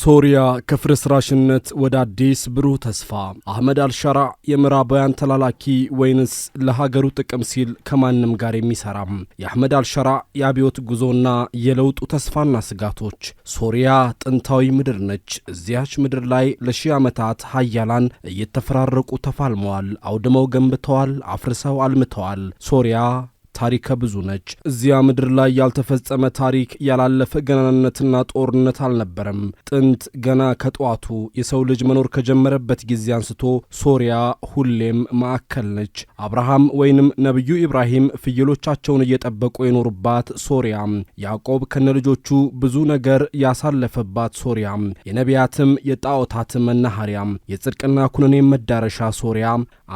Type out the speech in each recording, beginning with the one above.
ሶሪያ ከፍርስራሽነት ወደ አዲስ ብሩህ ተስፋ። አህመድ አልሻራ የምዕራባውያን ተላላኪ ወይንስ ለሀገሩ ጥቅም ሲል ከማንም ጋር የሚሰራም? የአህመድ አልሻራ የአብዮት ጉዞና የለውጡ ተስፋና ስጋቶች። ሶሪያ ጥንታዊ ምድር ነች። እዚያች ምድር ላይ ለሺህ ዓመታት ሀያላን እየተፈራረቁ ተፋልመዋል፣ አውድመው ገንብተዋል፣ አፍርሰው አልምተዋል። ሶሪያ ታሪከ ብዙ ነች። እዚያ ምድር ላይ ያልተፈጸመ ታሪክ፣ ያላለፈ ገናንነትና ጦርነት አልነበረም። ጥንት ገና ከጠዋቱ የሰው ልጅ መኖር ከጀመረበት ጊዜ አንስቶ ሶሪያ ሁሌም ማዕከል ነች። አብርሃም ወይንም ነቢዩ ኢብራሂም ፍየሎቻቸውን እየጠበቁ የኖሩባት ሶሪያ፣ ያዕቆብ ከነልጆቹ ብዙ ነገር ያሳለፈባት ሶሪያ፣ የነቢያትም የጣዖታትም መናኸሪያ፣ የጽድቅና ኩነኔም መዳረሻ ሶሪያ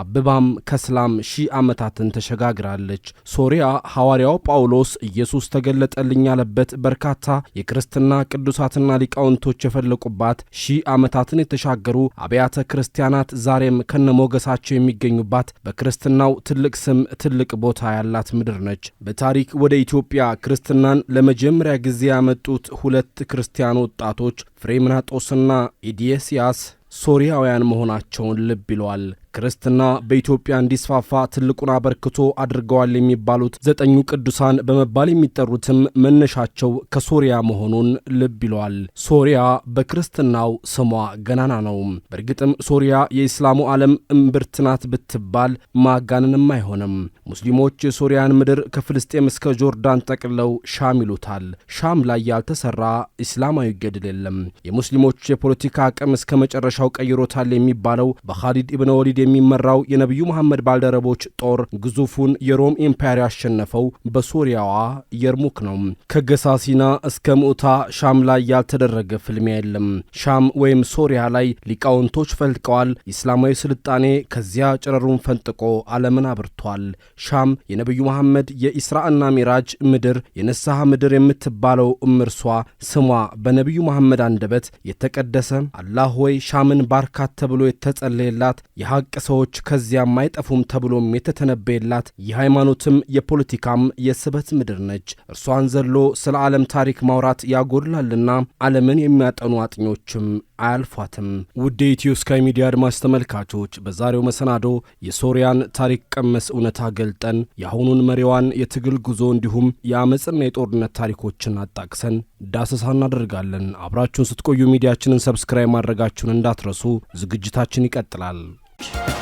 አብባም ከስላም ሺህ ዓመታትን ተሸጋግራለች። በሶሪያ ሐዋርያው ጳውሎስ ኢየሱስ ተገለጠልኝ ያለበት በርካታ የክርስትና ቅዱሳትና ሊቃውንቶች የፈለቁባት ሺህ ዓመታትን የተሻገሩ አብያተ ክርስቲያናት ዛሬም ከነሞገሳቸው የሚገኙባት በክርስትናው ትልቅ ስም ትልቅ ቦታ ያላት ምድር ነች። በታሪክ ወደ ኢትዮጵያ ክርስትናን ለመጀመሪያ ጊዜ ያመጡት ሁለት ክርስቲያን ወጣቶች ፍሬምናጦስና ኢዲየስያስ ሶሪያውያን መሆናቸውን ልብ ይለዋል። ክርስትና በኢትዮጵያ እንዲስፋፋ ትልቁን አበርክቶ አድርገዋል የሚባሉት ዘጠኙ ቅዱሳን በመባል የሚጠሩትም መነሻቸው ከሶሪያ መሆኑን ልብ ይለዋል። ሶሪያ በክርስትናው ስሟ ገናና ነው። በእርግጥም ሶሪያ የኢስላሙ ዓለም እምብርት ናት ብትባል ማጋነንም አይሆንም። ሙስሊሞች የሶሪያን ምድር ከፍልስጤም እስከ ጆርዳን ጠቅለው ሻም ይሉታል። ሻም ላይ ያልተሰራ ኢስላማዊ ገድል የለም። የሙስሊሞች የፖለቲካ አቅም እስከ መጨረሻው ቀይሮታል የሚባለው በኻሊድ ኢብነ ወሊድ የሚመራው የነቢዩ መሐመድ ባልደረቦች ጦር ግዙፉን የሮም ኢምፓየር ያሸነፈው በሶሪያዋ የርሙክ ነው። ከገሳሲና እስከ ሙዕታ ሻም ላይ ያልተደረገ ፍልሚያ የለም። ሻም ወይም ሶሪያ ላይ ሊቃውንቶች ፈልቀዋል። ኢስላማዊ ስልጣኔ ከዚያ ጨረሩን ፈንጥቆ ዓለምን አብርቷል። ሻም የነቢዩ መሐመድ የኢስራእና ሚራጅ ምድር የንስሐ ምድር የምትባለው እምርሷ ስሟ በነቢዩ መሐመድ አንደበት የተቀደሰ አላህ ወይ ሻምን ባርካት ተብሎ የተጸለየላት የሐቅ ሰዎች ከዚያም አይጠፉም ተብሎም የተተነበየላት የሃይማኖትም የፖለቲካም የስበት ምድር ነች። እርሷን ዘሎ ስለ ዓለም ታሪክ ማውራት ያጎድላልና ዓለምን የሚያጠኑ አጥኞችም አያልፏትም። ውድ ኢትዮ ስካይ ሚዲያ አድማስ ተመልካቾች በዛሬው መሰናዶ የሶሪያን ታሪክ ቀመስ እውነታ ገልጠን የአሁኑን መሪዋን የትግል ጉዞ እንዲሁም የአመፅና የጦርነት ታሪኮችን አጣቅሰን ዳሰሳ እናደርጋለን። አብራችሁን ስትቆዩ ሚዲያችንን ሰብስክራይብ ማድረጋችሁን እንዳትረሱ። ዝግጅታችን ይቀጥላል። Thank you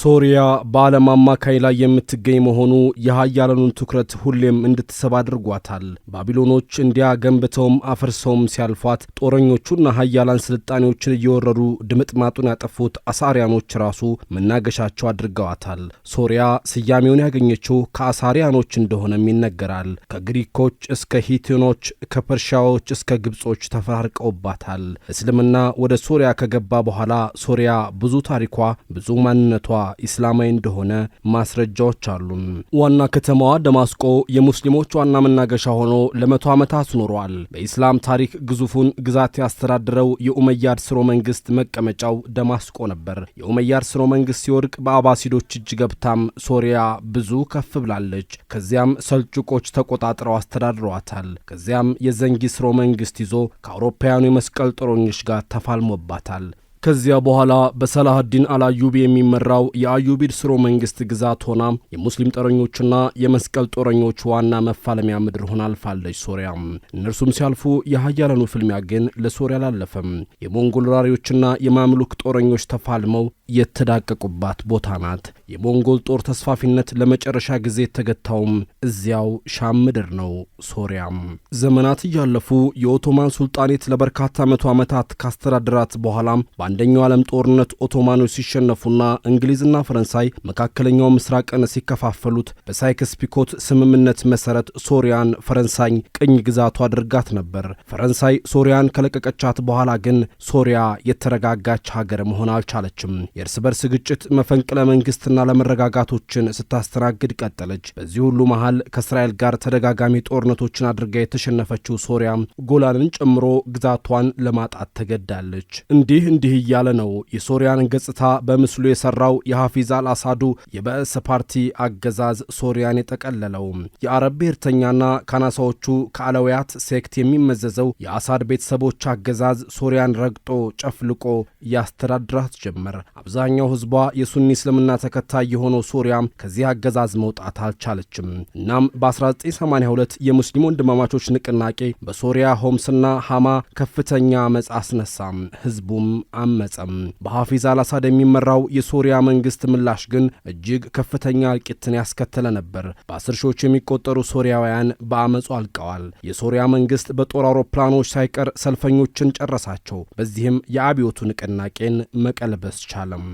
ሶሪያ በዓለም አማካይ ላይ የምትገኝ መሆኑ የሀያላኑን ትኩረት ሁሌም እንድትስብ አድርጓታል። ባቢሎኖች እንዲያ ገንብተውም አፈርሰውም ሲያልፏት ጦረኞቹና ሀያላን ስልጣኔዎችን እየወረሩ ድምጥማጡን ያጠፉት አሳሪያኖች ራሱ መናገሻቸው አድርገዋታል። ሶሪያ ስያሜውን ያገኘችው ከአሳሪያኖች እንደሆነም ይነገራል። ከግሪኮች እስከ ሂቲኖች፣ ከፐርሺያዎች እስከ ግብጾች ተፈራርቀውባታል። እስልምና ወደ ሶሪያ ከገባ በኋላ ሶሪያ ብዙ ታሪኳ ብዙ ማንነቷ ኢስላማዊ እንደሆነ ማስረጃዎች አሉን። ዋና ከተማዋ ደማስቆ የሙስሊሞች ዋና መናገሻ ሆኖ ለመቶ ዓመታት ኖሯል። በኢስላም ታሪክ ግዙፉን ግዛት ያስተዳድረው የኡመያድ ስሮ መንግስት መቀመጫው ደማስቆ ነበር። የኡመያድ ስሮ መንግስት ሲወድቅ በአባሲዶች እጅ ገብታም ሶሪያ ብዙ ከፍ ብላለች። ከዚያም ሰልጭቆች ተቆጣጥረው አስተዳድረዋታል። ከዚያም የዘንጊ ስሮ መንግስት ይዞ ከአውሮፓውያኑ የመስቀል ጦረኞች ጋር ተፋልሞባታል። ከዚያ በኋላ በሰላህዲን አልአዩብ የሚመራው የአዩቢድ ስሮ መንግስት ግዛት ሆና የሙስሊም ጦረኞችና የመስቀል ጦረኞች ዋና መፋለሚያ ምድር ሆና አልፋለች ሶሪያ። እነርሱም ሲያልፉ የሀያለኑ ፍልሚያ ግን ለሶሪያ አላለፈም። የሞንጎል ራሪዎችና የማምሉክ ጦረኞች ተፋልመው የተዳቀቁባት ቦታ ናት። የሞንጎል ጦር ተስፋፊነት ለመጨረሻ ጊዜ የተገታውም እዚያው ሻም ምድር ነው። ሶሪያም ዘመናት እያለፉ የኦቶማን ሱልጣኔት ለበርካታ መቶ ዓመታት ካስተዳደራት በኋላም በአንደኛው ዓለም ጦርነት ኦቶማኖች ሲሸነፉና እንግሊዝና ፈረንሳይ መካከለኛው ምስራቅን ሲከፋፈሉት በሳይክስ ፒኮት ስምምነት መሰረት ሶሪያን ፈረንሳይ ቅኝ ግዛቱ አድርጋት ነበር። ፈረንሳይ ሶሪያን ከለቀቀቻት በኋላ ግን ሶሪያ የተረጋጋች ሀገር መሆን አልቻለችም። የእርስ በርስ ግጭት፣ መፈንቅለ መንግስትና ለመረጋጋቶችን ስታስተናግድ ቀጠለች። በዚህ ሁሉ መሃል ከእስራኤል ጋር ተደጋጋሚ ጦርነቶችን አድርጋ የተሸነፈችው ሶሪያ ጎላንን ጨምሮ ግዛቷን ለማጣት ተገዳለች። እንዲህ እንዲህ እያለ ነው የሶሪያን ገጽታ በምስሉ የሰራው የሐፊዝ አልአሳዱ የበእስ ፓርቲ አገዛዝ ሶሪያን የጠቀለለው የአረብ ብሔርተኛና ካናሳዎቹ ከአለውያት ሴክት የሚመዘዘው የአሳድ ቤተሰቦች አገዛዝ ሶሪያን ረግጦ ጨፍልቆ እያስተዳድራት ጀመር። አብዛኛው ህዝቧ የሱኒ እስልምና ተከታይ የሆነው ሶሪያ ከዚህ አገዛዝ መውጣት አልቻለችም። እናም በ1982 የሙስሊም ወንድማማቾች ንቅናቄ በሶሪያ ሆምስና ሃማ ከፍተኛ አመፅ አስነሳም። ህዝቡም አመፀም። በሐፊዝ አልአሳድ የሚመራው የሶሪያ መንግስት ምላሽ ግን እጅግ ከፍተኛ እልቂትን ያስከተለ ነበር። በአስር ሺዎች የሚቆጠሩ ሶሪያውያን በአመፁ አልቀዋል። የሶሪያ መንግስት በጦር አውሮፕላኖች ሳይቀር ሰልፈኞችን ጨረሳቸው። በዚህም የአብዮቱ ንቅናቄን መቀልበስ ቻለም።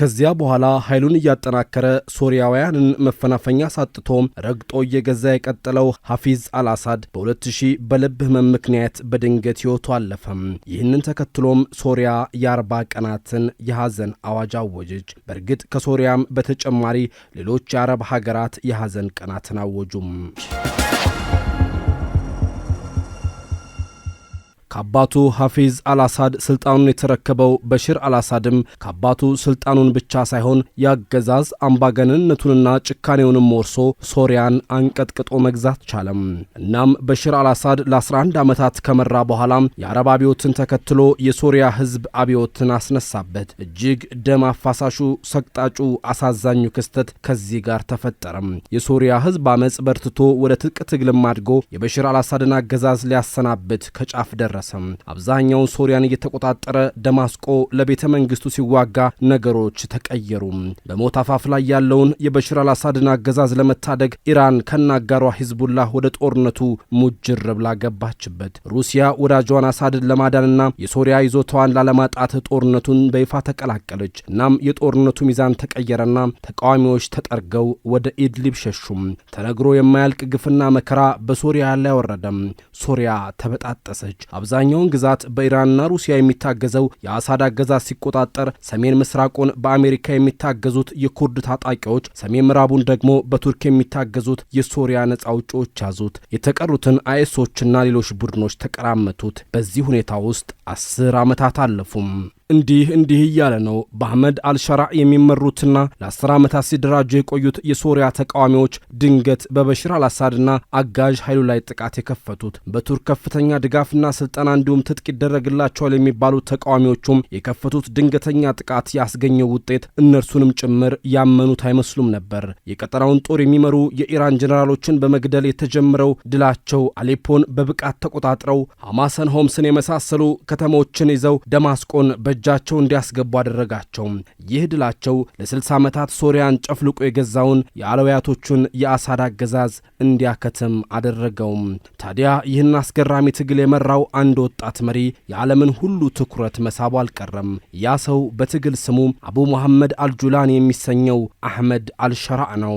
ከዚያ በኋላ ኃይሉን እያጠናከረ ሶሪያውያንን መፈናፈኛ ሳጥቶ ረግጦ እየገዛ የቀጠለው ሐፊዝ አልአሳድ በ2000 በልብ ህመም ምክንያት በድንገት ሕይወቱ አለፈም። ይህንን ተከትሎም ሶሪያ የአርባ ቀናትን የሐዘን አዋጅ አወጀች። በእርግጥ ከሶሪያም በተጨማሪ ሌሎች የአረብ ሀገራት የሐዘን ቀናትን አወጁም። ከአባቱ ሐፊዝ አልአሳድ ስልጣኑን የተረከበው በሽር አልአሳድም ከአባቱ ስልጣኑን ብቻ ሳይሆን ያገዛዝ አምባገነንነቱንና ጭካኔውንም ወርሶ ሶሪያን አንቀጥቅጦ መግዛት ቻለም። እናም በሽር አልአሳድ ለ11 ዓመታት ከመራ በኋላ የአረብ አብዮትን ተከትሎ የሶሪያ ሕዝብ አብዮትን አስነሳበት። እጅግ ደም አፋሳሹ፣ ሰቅጣጩ፣ አሳዛኙ ክስተት ከዚህ ጋር ተፈጠረም። የሶሪያ ሕዝብ አመፅ በርትቶ ወደ ትጥቅ ትግልም አድጎ የበሽር አልአሳድን አገዛዝ ሊያሰናብት ከጫፍ ደረሰ። ተጠቀሰም። አብዛኛውን ሶሪያን እየተቆጣጠረ ደማስቆ ለቤተ መንግስቱ ሲዋጋ ነገሮች ተቀየሩ። በሞት አፋፍ ላይ ያለውን የበሽር አልአሳድን አገዛዝ ለመታደግ ኢራን ከናጋሯ ሂዝቡላህ ወደ ጦርነቱ ሙጅር ብላ ገባችበት። ሩሲያ ወዳጇን አሳድን ለማዳንና የሶሪያ ይዞታዋን ላለማጣት ጦርነቱን በይፋ ተቀላቀለች። እናም የጦርነቱ ሚዛን ተቀየረና ተቃዋሚዎች ተጠርገው ወደ ኢድሊብ ሸሹም። ተነግሮ የማያልቅ ግፍና መከራ በሶሪያ ላይ ወረደም። ሶሪያ ተበጣጠሰች። አብዛኛውን ግዛት በኢራንና ሩሲያ የሚታገዘው የአሳድ አገዛዝ ሲቆጣጠር ሰሜን ምስራቁን በአሜሪካ የሚታገዙት የኩርድ ታጣቂዎች፣ ሰሜን ምዕራቡን ደግሞ በቱርክ የሚታገዙት የሶሪያ ነጻ አውጪዎች ያዙት። የተቀሩትን አይሶችና ሌሎች ቡድኖች ተቀራመቱት። በዚህ ሁኔታ ውስጥ አስር ዓመታት አለፉም። እንዲህ እንዲህ እያለ ነው። በአህመድ አልሸራ የሚመሩትና ለአስር ዓመታት ሲደራጁ የቆዩት የሶሪያ ተቃዋሚዎች ድንገት በበሽር አልአሳድና አጋዥ ኃይሉ ላይ ጥቃት የከፈቱት በቱርክ ከፍተኛ ድጋፍና ስልጠና እንዲሁም ትጥቅ ይደረግላቸዋል የሚባሉ ተቃዋሚዎቹም የከፈቱት ድንገተኛ ጥቃት ያስገኘው ውጤት እነርሱንም ጭምር ያመኑት አይመስሉም ነበር። የቀጠናውን ጦር የሚመሩ የኢራን ጀኔራሎችን በመግደል የተጀመረው ድላቸው አሌፖን በብቃት ተቆጣጥረው ሐማሰን ሆምስን የመሳሰሉ ከተሞችን ይዘው ደማስቆን በ በእጃቸው እንዲያስገቡ አደረጋቸው። ይህ ድላቸው ለ60 ዓመታት ሶሪያን ጨፍልቆ የገዛውን የአለውያቶቹን የአሳድ አገዛዝ እንዲያከትም አደረገው። ታዲያ ይህን አስገራሚ ትግል የመራው አንድ ወጣት መሪ የዓለምን ሁሉ ትኩረት መሳቡ አልቀረም። ያ ሰው በትግል ስሙ አቡ መሐመድ አልጁላን የሚሰኘው አህመድ አልሸራዕ ነው።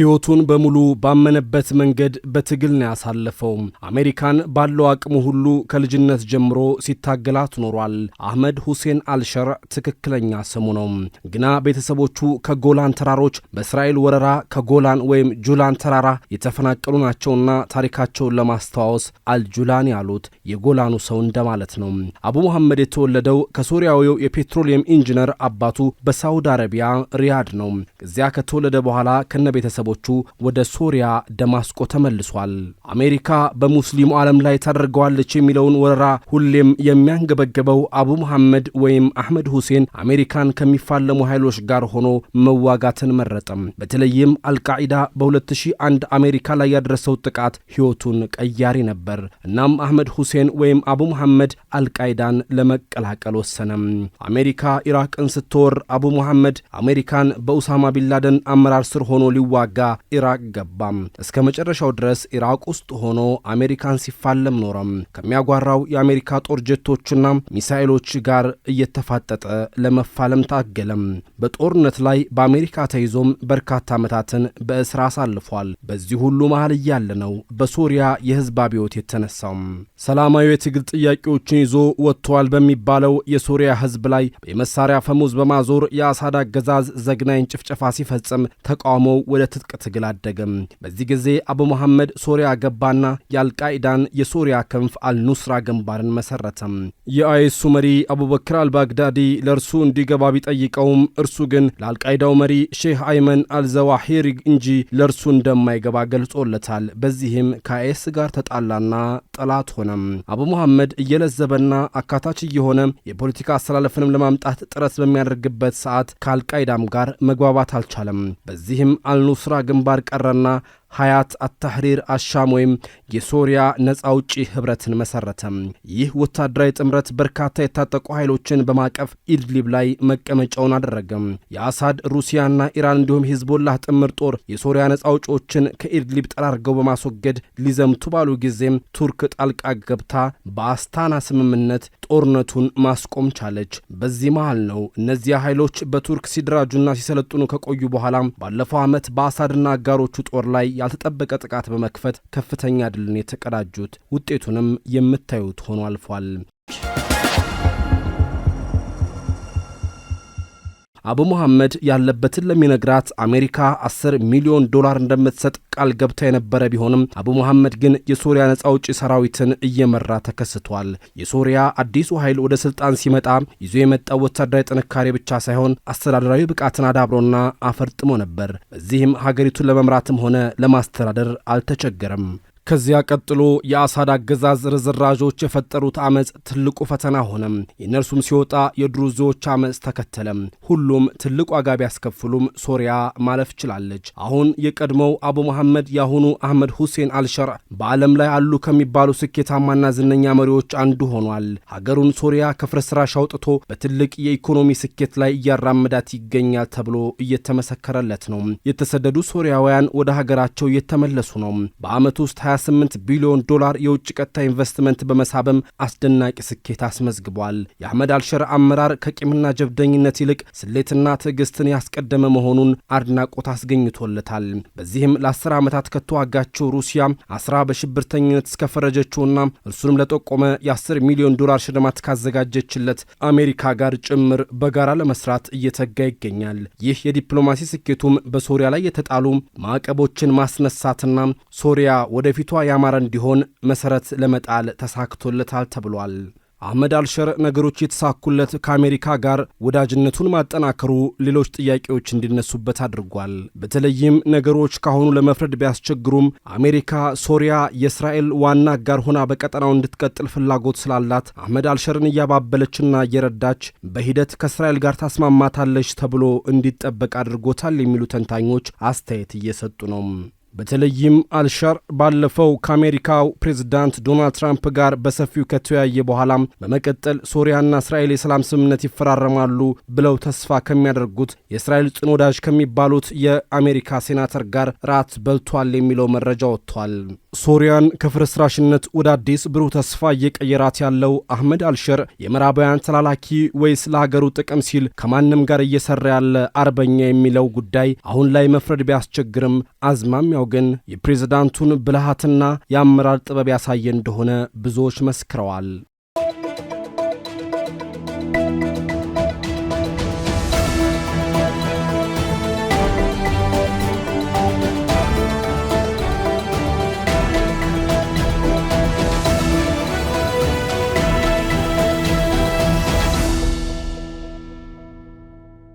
ሕይወቱን በሙሉ ባመነበት መንገድ በትግል ነው ያሳለፈው። አሜሪካን ባለው አቅሙ ሁሉ ከልጅነት ጀምሮ ሲታገላት ኖሯል። አህመድ ሁሴን አልሸር ትክክለኛ ስሙ ነው። ግና ቤተሰቦቹ ከጎላን ተራሮች በእስራኤል ወረራ ከጎላን ወይም ጁላን ተራራ የተፈናቀሉ ናቸውና ታሪካቸውን ለማስተዋወስ አልጁላን ያሉት የጎላኑ ሰው እንደማለት ነው። አቡ መሐመድ የተወለደው ከሶሪያዊው የፔትሮሊየም ኢንጂነር አባቱ በሳውዲ አረቢያ ሪያድ ነው። እዚያ ከተወለደ በኋላ ከነ ቤተሰቦ ቤተሰቦቹ ወደ ሶሪያ ደማስቆ ተመልሷል። አሜሪካ በሙስሊሙ ዓለም ላይ ታደርገዋለች የሚለውን ወረራ ሁሌም የሚያንገበገበው አቡ መሐመድ ወይም አሕመድ ሁሴን አሜሪካን ከሚፋለሙ ኃይሎች ጋር ሆኖ መዋጋትን መረጠም። በተለይም አልቃዒዳ በ2001 አሜሪካ ላይ ያደረሰው ጥቃት ሕይወቱን ቀያሪ ነበር። እናም አሕመድ ሁሴን ወይም አቡ መሐመድ አልቃይዳን ለመቀላቀል ወሰነም። አሜሪካ ኢራቅን ስትወር አቡ መሐመድ አሜሪካን በኡሳማ ቢንላደን አመራር ስር ሆኖ ሊዋጋ ኢራቅ ገባም። እስከ መጨረሻው ድረስ ኢራቅ ውስጥ ሆኖ አሜሪካን ሲፋለም ኖረም። ከሚያጓራው የአሜሪካ ጦር ጀቶችና ሚሳኤሎች ጋር እየተፋጠጠ ለመፋለም ታገለም። በጦርነት ላይ በአሜሪካ ተይዞም በርካታ ዓመታትን በእስር አሳልፏል። በዚህ ሁሉ መሃል እያለ ነው በሶሪያ የህዝብ አብዮት የተነሳው። ሰላማዊ የትግል ጥያቄዎችን ይዞ ወጥተዋል በሚባለው የሶሪያ ህዝብ ላይ የመሳሪያ ፈሙዝ በማዞር የአሳድ አገዛዝ ዘግናኝ ጭፍጨፋ ሲፈጽም ተቃውሞው ወደ የትጥቅ ትግል አደገም። በዚህ ጊዜ አቡ መሐመድ ሶሪያ ገባና የአልቃኢዳን የሶሪያ ክንፍ አልኑስራ ግንባርን መሰረተም። የአይሱ መሪ አቡበክር አልባግዳዲ ለእርሱ እንዲገባ ቢጠይቀውም እርሱ ግን ለአልቃይዳው መሪ ሼህ አይመን አልዘዋሂሪ እንጂ ለእርሱ እንደማይገባ ገልጾለታል። በዚህም ከአይስ ጋር ተጣላና ጠላት ሆነም። አቡ መሐመድ እየለዘበና አካታች እየሆነ የፖለቲካ አስተላለፍንም ለማምጣት ጥረት በሚያደርግበት ሰዓት ከአልቃይዳም ጋር መግባባት አልቻለም። በዚህም አልኑስ የኤርትራ ግንባር ቀረና ሀያት አታህሪር አሻም ወይም የሶሪያ ነጻ አውጪ ህብረትን መሰረተ። ይህ ወታደራዊ ጥምረት በርካታ የታጠቁ ኃይሎችን በማቀፍ ኢድሊብ ላይ መቀመጫውን አደረገም። የአሳድ ሩሲያና ኢራን እንዲሁም ሂዝቦላህ ጥምር ጦር የሶሪያ ነጻ አውጪዎችን ከኢድሊብ ጠራርገው በማስወገድ ሊዘምቱ ባሉ ጊዜም ቱርክ ጣልቃ ገብታ በአስታና ስምምነት ጦርነቱን ማስቆም ቻለች። በዚህ መሃል ነው እነዚያ ኃይሎች በቱርክ ሲደራጁና ሲሰለጥኑ ከቆዩ በኋላ ባለፈው ዓመት በአሳድና አጋሮቹ ጦር ላይ ያልተጠበቀ ጥቃት በመክፈት ከፍተኛ ድልን የተቀዳጁት ውጤቱንም የምታዩት ሆኖ አልፏል። አቡ መሐመድ ያለበትን ለሚነግራት አሜሪካ 10 ሚሊዮን ዶላር እንደምትሰጥ ቃል ገብታ የነበረ ቢሆንም አቡ መሐመድ ግን የሶሪያ ነጻ አውጪ ሰራዊትን እየመራ ተከስቷል። የሶሪያ አዲሱ ኃይል ወደ ስልጣን ሲመጣ ይዞ የመጣው ወታደራዊ ጥንካሬ ብቻ ሳይሆን አስተዳደራዊ ብቃትን አዳብሮና አፈርጥሞ ነበር። በዚህም ሀገሪቱን ለመምራትም ሆነ ለማስተዳደር አልተቸገረም። ከዚያ ቀጥሎ የአሳድ አገዛዝ ርዝራዦች የፈጠሩት አመፅ ትልቁ ፈተና ሆነም። የእነርሱም ሲወጣ የድሩዞዎች አመፅ ተከተለም። ሁሉም ትልቅ ዋጋ ቢያስከፍሉም ሶሪያ ማለፍ ችላለች። አሁን የቀድሞው አቡ መሐመድ የአሁኑ አህመድ ሁሴን አልሸርዕ በዓለም ላይ አሉ ከሚባሉ ስኬታማና ዝነኛ መሪዎች አንዱ ሆኗል። ሀገሩን ሶሪያ ከፍርስራሽ አውጥቶ በትልቅ የኢኮኖሚ ስኬት ላይ እያራመዳት ይገኛል ተብሎ እየተመሰከረለት ነው። የተሰደዱ ሶሪያውያን ወደ ሀገራቸው እየተመለሱ ነው። በአመት ውስጥ 28 ቢሊዮን ዶላር የውጭ ቀጥታ ኢንቨስትመንት በመሳብም አስደናቂ ስኬት አስመዝግቧል። የአህመድ አልሸር አመራር ከቂምና ጀብደኝነት ይልቅ ስሌትና ትዕግስትን ያስቀደመ መሆኑን አድናቆት አስገኝቶለታል። በዚህም ለ10 ዓመታት ከተዋጋቸው ሩሲያ አስራ በሽብርተኝነት እስከፈረጀችውና እርሱንም ለጠቆመ የ10 ሚሊዮን ዶላር ሽልማት ካዘጋጀችለት አሜሪካ ጋር ጭምር በጋራ ለመስራት እየተጋ ይገኛል። ይህ የዲፕሎማሲ ስኬቱም በሶሪያ ላይ የተጣሉ ማዕቀቦችን ማስነሳትና ሶሪያ ወደፊት ወደፊቷ ያማረ እንዲሆን መሠረት ለመጣል ተሳክቶለታል ተብሏል። አህመድ አልሸር ነገሮች የተሳኩለት ከአሜሪካ ጋር ወዳጅነቱን ማጠናከሩ ሌሎች ጥያቄዎች እንዲነሱበት አድርጓል። በተለይም ነገሮች ካሁኑ ለመፍረድ ቢያስቸግሩም አሜሪካ ሶሪያ የእስራኤል ዋና አጋር ሆና በቀጠናው እንድትቀጥል ፍላጎት ስላላት አህመድ አልሸርን እያባበለችና እየረዳች በሂደት ከእስራኤል ጋር ታስማማታለች ተብሎ እንዲጠበቅ አድርጎታል የሚሉ ተንታኞች አስተያየት እየሰጡ ነው። በተለይም አልሻር ባለፈው ከአሜሪካው ፕሬዝዳንት ዶናልድ ትራምፕ ጋር በሰፊው ከተወያየ በኋላም በመቀጠል ሶሪያና እስራኤል የሰላም ስምምነት ይፈራረማሉ ብለው ተስፋ ከሚያደርጉት የእስራኤል ጽኑ ወዳጅ ከሚባሉት የአሜሪካ ሴናተር ጋር ራት በልቷል የሚለው መረጃ ወጥቷል። ሶሪያን ከፍርስራሽነት ወደ አዲስ ብሩህ ተስፋ እየቀየራት ያለው አህመድ አልሸር የምዕራባውያን ተላላኪ ወይስ ለሀገሩ ጥቅም ሲል ከማንም ጋር እየሰራ ያለ አርበኛ የሚለው ጉዳይ አሁን ላይ መፍረድ ቢያስቸግርም አዝማሚያው ግን የፕሬዝዳንቱን ብልሃትና የአመራር ጥበብ ያሳየ እንደሆነ ብዙዎች መስክረዋል።